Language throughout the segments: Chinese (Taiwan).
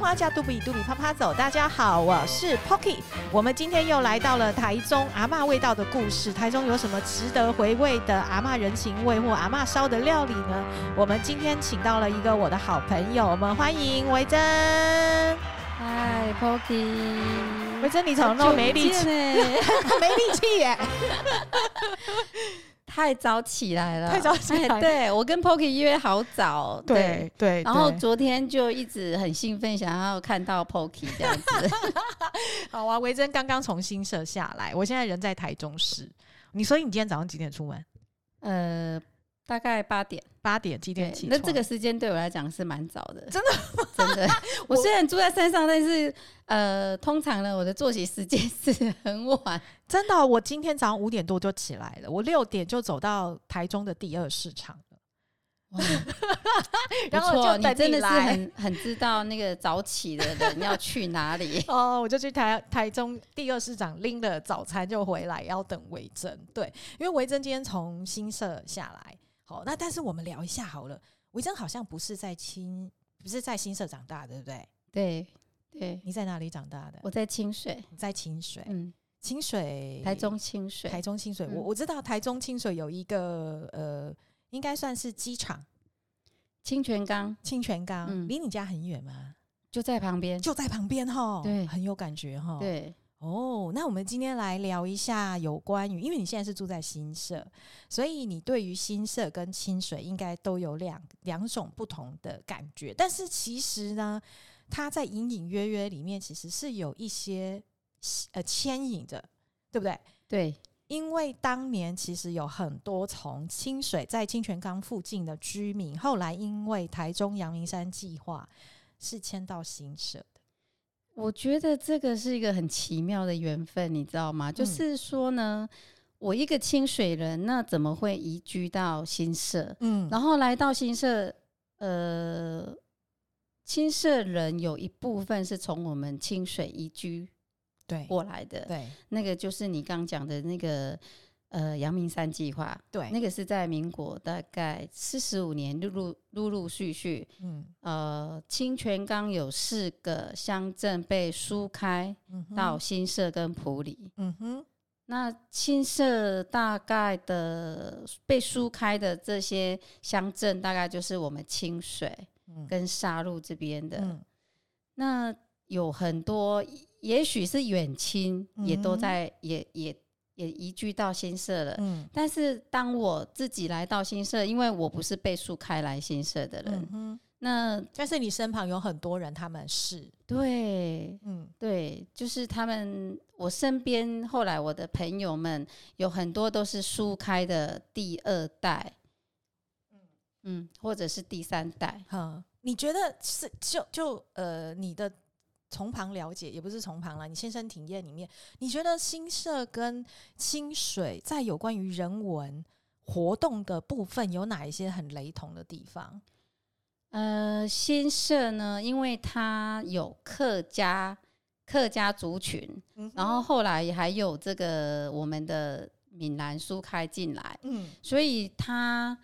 花家度比度比趴趴走，大家好，我是 Poki，我們今天又來到了台中阿嬤味道的故事。台中有什麼值得回味的阿嬤人情味或阿嬤燒的料理呢？我們今天請到了一個我的好朋友，我們歡迎薇蓁。嗨，Poki，薇蓁你怎麼那麼沒力氣？ 沒力氣耶。 太早起來了，太早起來了哎，對我跟 Poki 約好早，對對，對對然後昨天就一直很興奮，想要看到 Poki 這樣子。 好啊，薇蓁剛剛從新社下來，我現在人在台中市。你所以你今天早上幾點出門？呃。大概八點，八點幾點起？那這個時間對我來講是蠻早的，真的，真的。我雖然住在山上，我但是呃，通常呢，我的作息時間是很晚。真的、哦，我今天早上五點多就起來了，我六點就走到台中的第二市場了。哇、哦， 錯然後就你你真的是很,很知道那個早起的人要去哪裡 哦。我就去台台中第二市場拎了早餐就回來，要等薇蓁。對，因為薇蓁今天從新社下來。那但是我們聊一下好了，薇蓁好像不是在清不是在新社長大的，對不對？對，對，你在哪裡長大的？我在清水，在清水，嗯，清水，台中清水，台中清水。我我知道台中清水有一個呃，應該算是機場，清泉崗，清泉崗，離你家很遠嗎？就在旁邊，就在旁邊哈，對，很有感覺哈，對。哦，oh, 那我們今天來聊一下有關於，因為你現在是住在新社，所以你對於新社跟清水應該都有兩兩種不同的感覺。但是其實呢，它在隱隱約約裡面其實是有一些呃牽引的，對不對？對，因為當年其實有很多從清水在清泉崗附近的居民，後來因為台中陽明山計劃是遷到新社的。我覺得這個是一個很奇妙的緣分，你知道嗎？嗯，就是說呢，我一個清水人，那怎麼會移居到新社？嗯，然後來到新社，呃，新社人有一部分是從我們清水移居，對過來的，對，對，那個就是你剛講的那個。呃，陽明山計劃，對，那個是在民國大概四十五年，陸陸陸陸續續，嗯，呃，清泉崗有四個鄉鎮被疏開，到新社跟埔里，嗯哼，那新社大概的被疏開的這些鄉鎮，大概就是我們清水跟沙鹿這邊的，嗯嗯、那有很多，也許是遠親，嗯、哼也都在，也也。也移居到新社了。嗯，但是當我自己來到新社，因為我不是被疏開來新社的人。嗯哼那但是你身旁有很多人，他們是？對，嗯，對，就是他們，我身邊後來我的朋友們有很多都是疏開的第二代，嗯嗯，或者是第三代。哈、嗯，你覺得是就就呃你的？從旁了解，也不是從旁了，你親身體驗裡面，你覺得新社跟清水在有關於人文活動的部分有哪一些很雷同的地方？呃，新社呢，因為它有客家客家族群，嗯、哼然後後來還有這個我們的閩南書開進來，嗯、所以它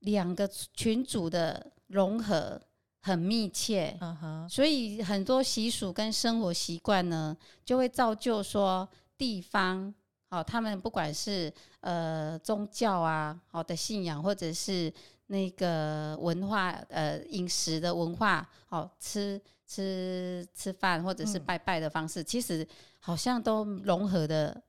兩個群組的融合。很密切，uh huh，所以很多習俗跟生活習慣呢，就會造就說地方，好，哦，他們不管是呃宗教啊，好，哦，的信仰，或者是那個文化，呃飲食的文化，好，哦，吃吃吃飯，或者是拜拜的方式，嗯、其實好像都融合的，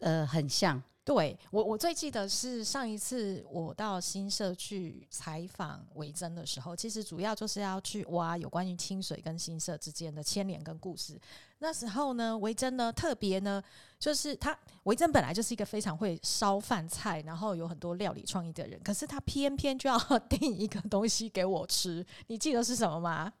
呃很像。對我，我最記得是上一次我到新社去採訪薇蓁的時候，其實主要就是要去挖有關於清水跟新社之間的牽連跟故事。那時候呢，薇蓁呢特別呢，就是他薇蓁本來就是一個非常會燒飯菜，然後有很多料理創意的人，可是他偏偏就要訂一個東西給我吃。你記得是什麼嗎？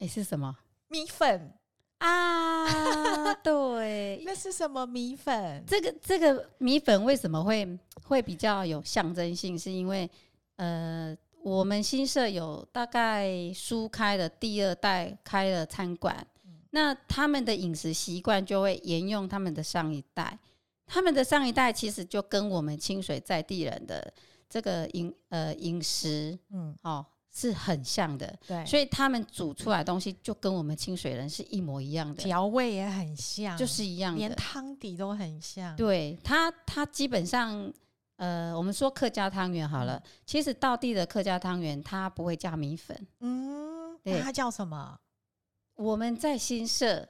誒，是什麼？米粉。啊，對， 那是什麼米粉？這個這個米粉為什麼會會比較有象徵性？是因為呃，我們新社有大概書開了第二代開了餐館，嗯、那他們的飲食習慣就會沿用他們的上一代，他們的上一代其實就跟我們清水在地人的這個飲呃飲食，嗯，哦。是很像的，對所以他們煮出來的東西就跟我們清水人是一模一樣的，調味也很像，就是一樣的，連湯底都很像。對，他他基本上，呃，我們說客家湯圓好了，其實道地的客家湯圓它不會加米粉，嗯，那它對叫什麼？我們在新社，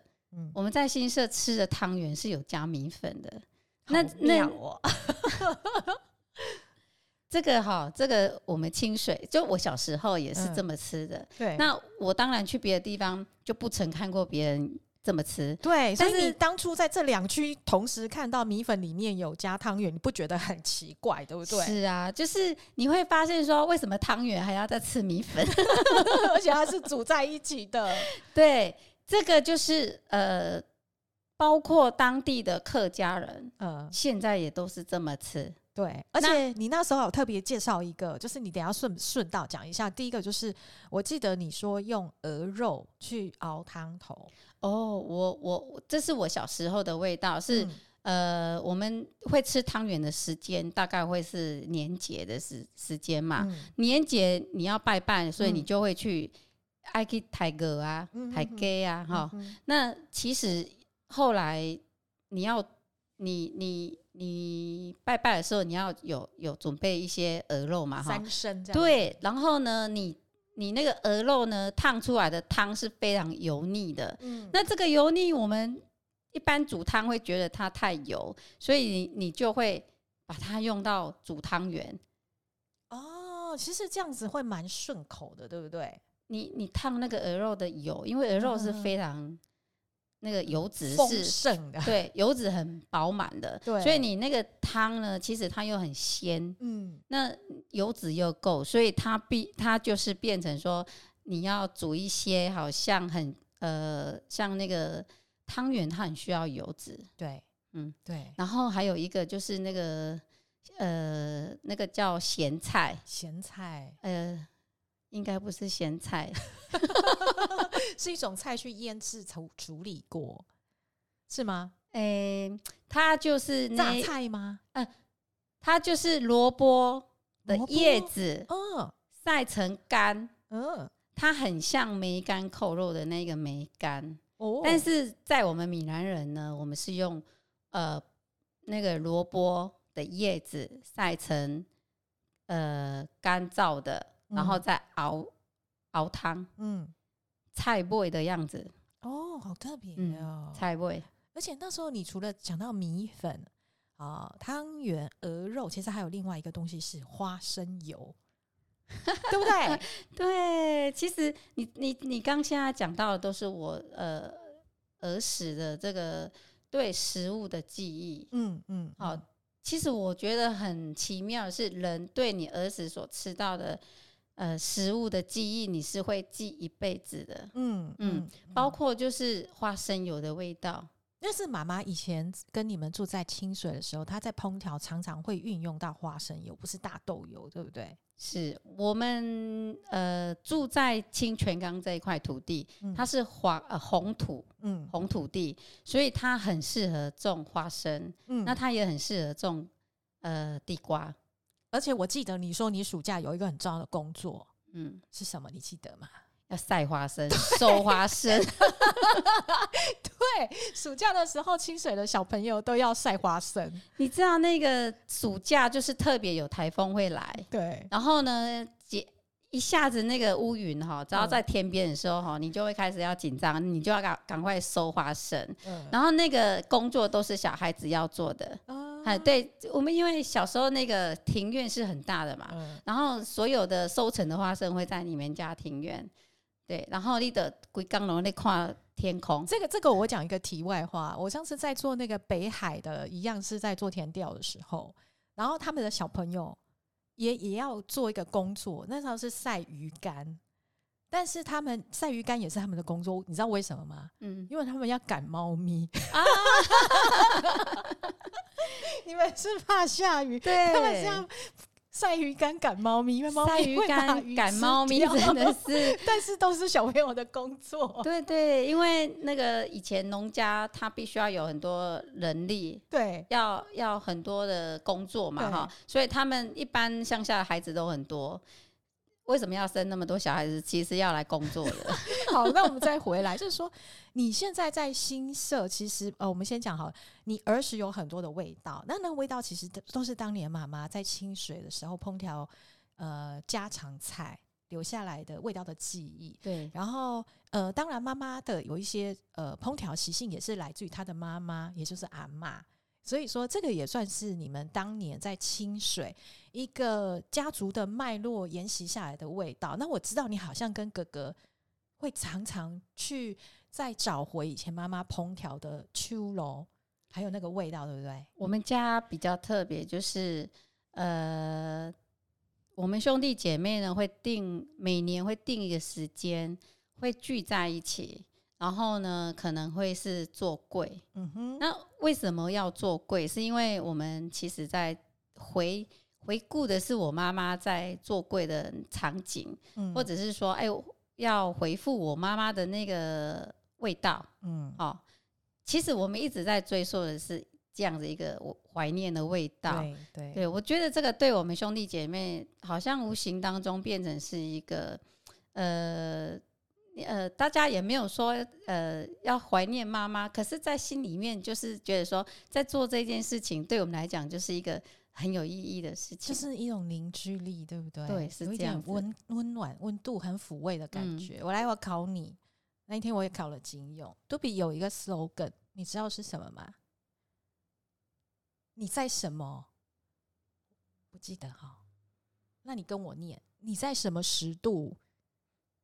我們在新社吃的湯圓是有加米粉的，嗯、那妙、哦、那我。那 這個哈，這個我們清水，就我小時候也是這麼吃的。嗯、對，那我當然去別的地方就不曾看過別人這麼吃。對，但是你當初在這兩區同時看到米粉裡面有加湯圓，你不覺得很奇怪，對不對？是啊，就是你會發現說，為什麼湯圓還要再吃米粉， 而且還是煮在一起的？ 對，這個就是呃，包括當地的客家人，呃、嗯，現在也都是這麼吃。對，而且你那時候有特別介紹一個，那就是你等下順順道講一下。第一個就是，我記得你說用鵝肉去熬湯頭哦，我我這是我小時候的味道，是、嗯、呃，我們會吃湯圓的時間、嗯、大概會是年節的時時間嘛。嗯、年節你要拜拜，所以你就會去埃及泰歌啊、抬街、嗯、啊、哈、嗯。齁那其實後來你要你你。你你拜拜的時候，你要有有準備一些鵝肉嘛，哈。三牲這樣子。對，然後呢，你你那個鵝肉呢，燙出來的湯是非常油膩的。嗯。那這個油膩，我們一般煮湯會覺得它太油，所以你你就會把它用到煮湯圓。哦，其實這樣子會蠻順口的，對不對？你你燙那個鵝肉的油，因為鵝肉是非常。嗯。那個油脂是、嗯、盛的。對，油脂很飽滿的，對，所以你那個湯呢，其實它又很鮮，嗯，那油脂又夠，所以它變，它就是變成說，你要煮一些好像很呃，像那個湯圓，它很需要油脂，對，嗯，對，然後還有一個就是那個呃，那個叫鹹菜，鹹菜，呃。應該不是鹹菜， 是一種菜去醃製、處處理過，是嗎？誒、欸，它就是那榨菜嗎？呃，它就是蘿蔔的葉子，嗯，曬成乾，它很像梅乾扣肉的那個梅乾，哦，oh. 但是在我們閩南人呢，我們是用呃那個蘿蔔的葉子曬成呃乾燥的。然後再熬，熬湯，嗯，菜味的樣子，哦，好特別哦，嗯、菜味。而且那時候你除了講到米粉哦，湯圓、鵝肉，其實還有另外一個東西是花生油， 對不對？ 對，其實你你你剛現在講到的都是我呃兒時的這個對食物的記憶，嗯嗯。好、嗯，哦嗯、其實我覺得很奇妙的是，人對你兒時所吃到的。呃，食物的記憶你是會記一輩子的。嗯嗯，嗯包括就是花生油的味道，嗯嗯，那是媽媽以前跟你們住在清水的時候，她在烹調常常會運用到花生油，不是大豆油，對不對？是我們呃住在清泉崗這一塊土地，嗯，它是黃呃紅土，嗯，紅土地，所以它很適合種花生。嗯，那它也很適合種呃地瓜。而且我記得你說你暑假有一個很重要的工作，嗯，是什麼？你記得嗎？要曬花生、對收花生。 對，暑假的時候，清水的小朋友都要曬花生。你知道那個暑假就是特別有台風會來，對。然後呢，一一下子那個烏雲齁，只要在天邊的時候齁，你就會開始要緊張，你就要趕趕快收花生。嗯。然後那個工作都是小孩子要做的。嗯哎、嗯，對我們，因為小時候那個庭院是很大的嘛，嗯、然後所有的收成的花生會在你們家庭院，對，然後你的龜缸龍那塊天空。這個，這個我講一個題外話，我上次在做那個北海的，一樣是在做田調的時候，然後他們的小朋友也也要做一個工作，那時候是曬魚乾。但是他們曬魚乾也是他們的工作，你知道為什麼嗎？嗯，因為他們要趕貓咪、啊、 你們是怕下雨，對，他們是要曬魚乾趕貓咪，因為貓咪會把魚趕貓咪，真的是，但是都是小朋友的工作。對，對對，因為那個以前農家他必須要有很多人力，對，要要很多的工作嘛哈，對所以他們一般鄉下的孩子都很多。為什麼要生那麼多小孩子？其實要來工作的。 好，那我們再回來， 就是說，你現在在新社，其實呃，我們先講好，你兒時有很多的味道，那那個味道其實都都是當年媽媽在清水的時候烹調呃家常菜留下來的味道的記憶。對，然後呃，當然媽媽的有一些呃烹調習性也是來自於她的媽媽，也就是阿嬤。所以說，這個也算是你們當年在清水一個家族的脈絡沿襲下來的味道。那我知道你好像跟哥哥會常常去再找回以前媽媽烹調的手路，還有那個味道，對不對？我們家比較特別，就是呃，我們兄弟姐妹呢，會定每年會定一個時間，會聚在一起。然後呢，可能會是做粿。嗯哼。那為什麼要做粿？是因為我們其實在回回顧的是我媽媽在做粿的場景，嗯、或者是說，哎，要回復我媽媽的那個味道。嗯。哦，其實我們一直在追溯的是這樣子一個懷念的味道。對，對，對，我覺得這個對我們兄弟姐妹好像無形當中變成是一個呃。呃，大家也沒有說呃要懷念媽媽，可是，在心裡面就是覺得說，在做這件事情，對我們來講就是一個很有意義的事情，就是一種凝聚力，對不對？對，是這樣溫溫暖、溫度很撫慰的感覺。嗯、我來，我考你。那一天我也考了金勇，度比有一個 slogan，你知道是什麼嗎？你在什麼？不記得哈、哦？那你跟我念，你在什麼時度？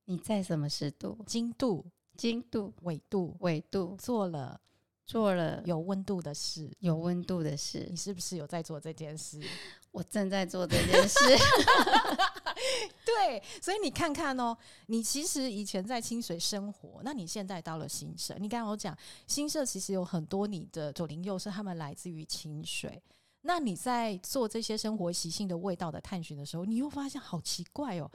你在什麼時度？經度、經度、緯度、緯度，做了做了有溫度的事，有溫度的事。你是不是有在做這件事？我正在做這件事。對，所以你看看哦、喔，你其實以前在清水生活，那你現在到了新社。你剛剛有講新社其實有很多你的左鄰右舍，他們來自於清水。那你在做這些生活習性的味道的探尋的時候，你又發現好奇怪哦、喔。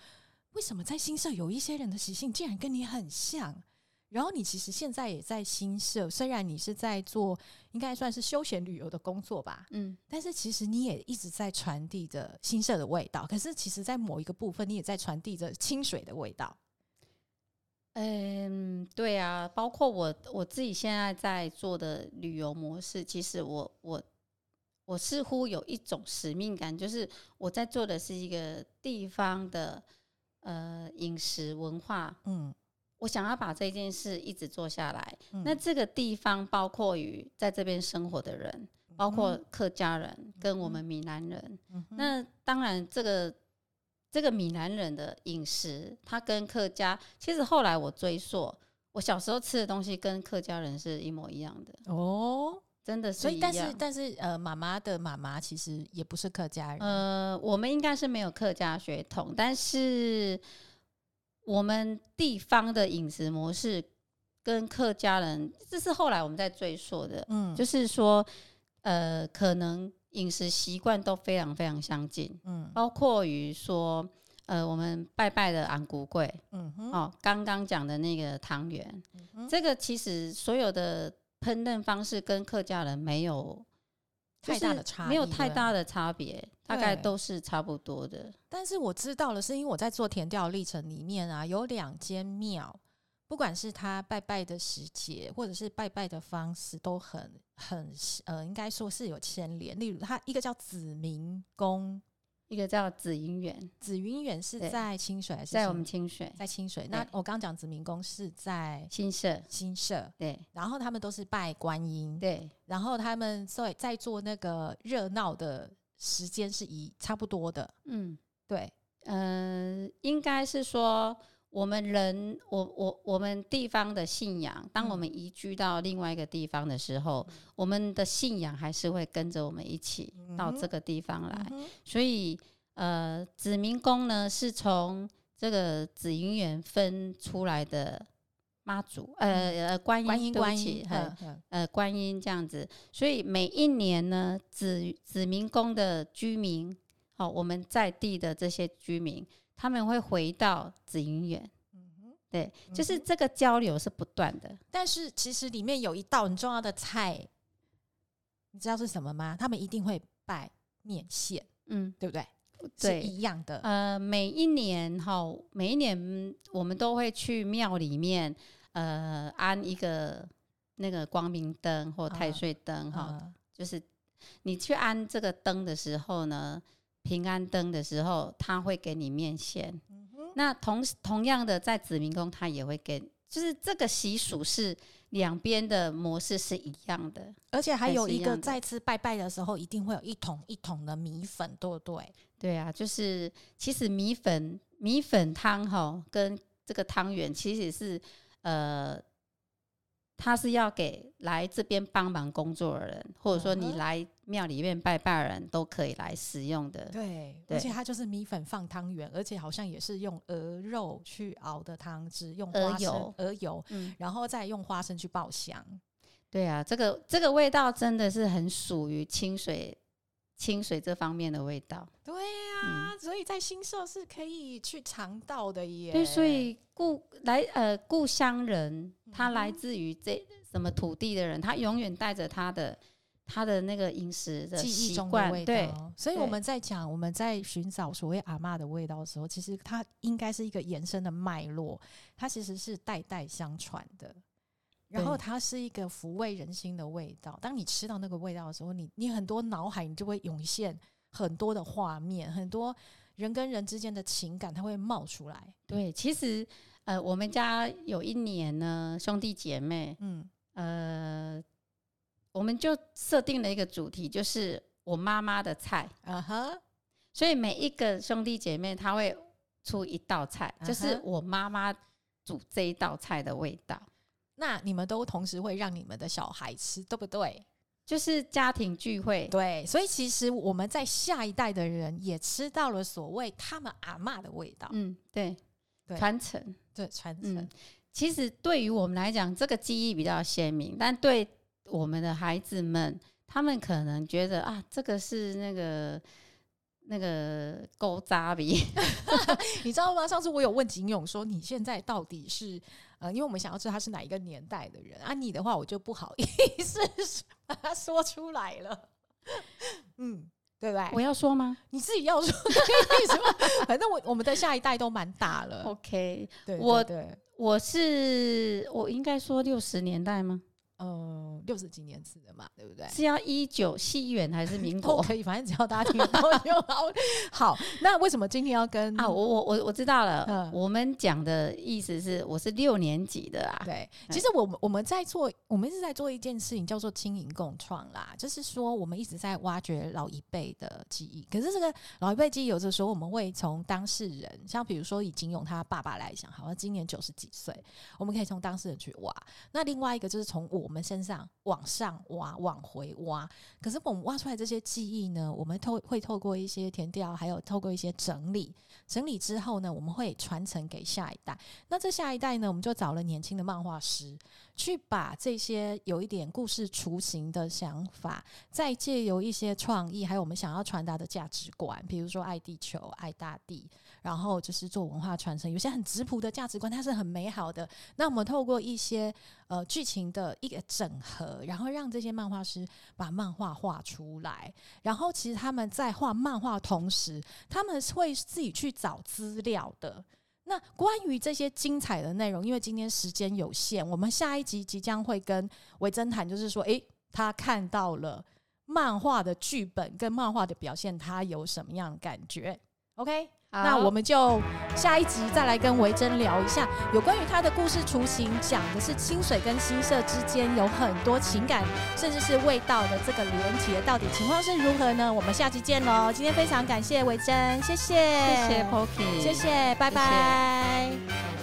為什麼在新社有一些人的習性竟然跟你很像？然後你其實現在也在新社，雖然你是在做應該算是休閒旅遊的工作吧，嗯，但是其實你也一直在傳遞着新社的味道。可是其實，在某一個部分，你也在傳遞着清水的味道。嗯，對啊，包括我我自己現在在做的旅遊模式，其實我我我似乎有一種使命感，就是我在做的是一個地方的。呃，飲食文化，嗯，我想要把這件事一直做下來。嗯、那這個地方包括於在這邊生活的人，嗯、哼包括客家人跟我們閩南人。嗯嗯、那當然、這個，這個這個閩南人的飲食，他跟客家其實後來我追溯，我小時候吃的東西跟客家人是一模一樣的哦。真的是一樣，所以但是但是呃，媽媽的媽媽其實也不是客家人。呃，我們應該是沒有客家血統，但是我們地方的飲食模式跟客家人，這是後來我們在追溯的。嗯，就是說，呃，可能飲食習慣都非常非常相近。嗯，包括於說，呃，我們拜拜的紅龜粿。嗯哼，哦，剛剛講的那個湯圓，嗯哼，這個其實所有的。烹飪方式跟客家人沒有太大的差，沒有太大的差別，大概都是差不多的。但是我知道了，是因為我在做田調歷程裡面啊，有兩間廟，不管是他拜拜的時節，或者是拜拜的方式，都很很呃，應該說是有牽連。例如，他一個叫紫明宮。一個叫紫雲巖，紫雲巖，是在清水還是水在我們清水？在清水。對那我剛講紫明宮是在新社，對新社對。然後他們都是拜觀音，對。然後他們在在做那個熱鬧的時間是差不多的，對嗯，對，嗯、呃，應該是說。我們人，我我我們地方的信仰，當我們移居到另外一個地方的時候，嗯、我們的信仰還是會跟着我們一起到這個地方來。嗯嗯、所以，呃，紫明宮呢是從這個紫雲巖分出來的媽祖，呃呃觀音，觀音對起，觀呃觀音這樣子。所以每一年呢，紫紫明宮的居民，好、哦，我們在地的這些居民。他們會回到紫雲巖，對，就是這個交流是不斷的。嗯。但是其實裡面有一道很重要的菜，你知道是什麼嗎？他們一定會拜麵線，嗯，對不對？對，是一樣的。呃，每一年哈，每一年我們都會去廟裡面呃安一個那個光明燈或太歲燈哈，呃、就是你去安這個燈的時候呢。平安燈的時候，他會給你麵線。嗯、哼那同同樣的，在紫明宮他也會給，就是這個習俗是兩邊的模式是一樣的。而且還有一個，在吃拜拜的時候，一定會有一桶一桶的米粉，對不對？對啊，就是其實米粉米粉湯吼跟這個湯圓其實是呃。他是要給來這邊幫忙工作的人，或者說你來廟裡面拜拜人都可以來使用的。對，對而且它就是米粉放湯圓，而且好像也是用鵝肉去熬的湯汁，用花生、鵝油，油嗯、然後再用花生去爆香。對啊，這個這個味道真的是很屬於清水、清水這方面的味道。對。啊，所以在新社是可以去嘗到的耶。對，所以故來呃故鄉人，他來自於這什麼土地的人，他永遠帶着他的他的那個飲食的習慣，記憶中的味道。對，對，所以我們在講，我們在尋找所謂阿嬤的味道的時候，其實它應該是一個延伸的脈絡，它其實是代代相傳的。然後它是一個撫慰人心的味道。當你吃到那個味道的時候，你你很多腦海你就會湧現很多的畫面，很多人跟人之間的情感，它會冒出來。對，對，其實，呃，我們家有一年呢，兄弟姐妹，嗯，呃，我們就設定了一個主題，就是我媽媽的菜。嗯哼、uh huh。所以每一個兄弟姐妹，他會出一道菜，就是我媽媽煮這一道菜的味道。Uh huh。那你們都同時會讓你們的小孩吃，對不對？就是家庭聚會，對，所以其實我們在下一代的人也吃到了所謂他們阿嬤的味道，嗯，對，對，承對，傳承，對傳承。其實對於我們來講，這個記憶比較鮮明，但對我們的孩子們，他們可能覺得啊，這個是那個那個狗渣餅， 你知道嗎？上次我有問景勇說，你現在到底是呃，因為我們想要知道他是哪一個年代的人，啊，你的話我就不好意思說。 說出來了，嗯，對不對？我要說嗎？你自己要說，可以什麼？反正我我們的下一代都蠻大了。OK，對對對。我我是我應該說六十年代嗎？呃、嗯，六十幾年次的嘛，對不對？是要一九西元還是民國？ 可以，反正只要大家聽到就好。 好，那為什麼今天要跟啊？我我我我知道了。嗯、我們講的意思是，我是六年級的啦。對，其實我們、嗯、我們在做，我們一直在做一件事情，叫做“青銀共創”啦。就是說，我們一直在挖掘老一輩的記憶。可是這個老一輩記憶，有的時候我們會從當事人，像比如說已經用他爸爸來想，好像今年九十幾歲，我們可以從當事人去挖。那另外一個就是從我。我們身上往上挖，往回挖。可是我們挖出來這些記憶呢？我們透會透過一些田調，還有透過一些整理，整理之後呢，我們會傳承給下一代。那這下一代呢？我們就找了年輕的漫畫師，去把這些有一點故事雛形的想法，再借由一些創意，還有我們想要傳達的價值觀，比如說愛地球、愛大地，然後就是做文化傳承。有些很質樸的價值觀，它是很美好的。那我們透過一些呃劇情的一個整合，然後讓這些漫畫師把漫畫畫出來，然後其實他們在畫漫畫同時，他們會自己去找資料的。那關於這些精彩的內容，因為今天時間有限，我們下一集即將會跟薇蓁談，就是說，誒、欸，他看到了漫畫的劇本跟漫畫的表現，他有什麼樣感覺？OK。好那我們就下一集再來跟薇蓁聊一下，有關於他的故事雛形，講的是清水跟新社之間有很多情感，甚至是味道的這個連結，到底情況是如何呢？我們下期見嘍！今天非常感謝薇蓁，謝謝，謝謝 Poki、嗯、謝謝，拜拜。謝謝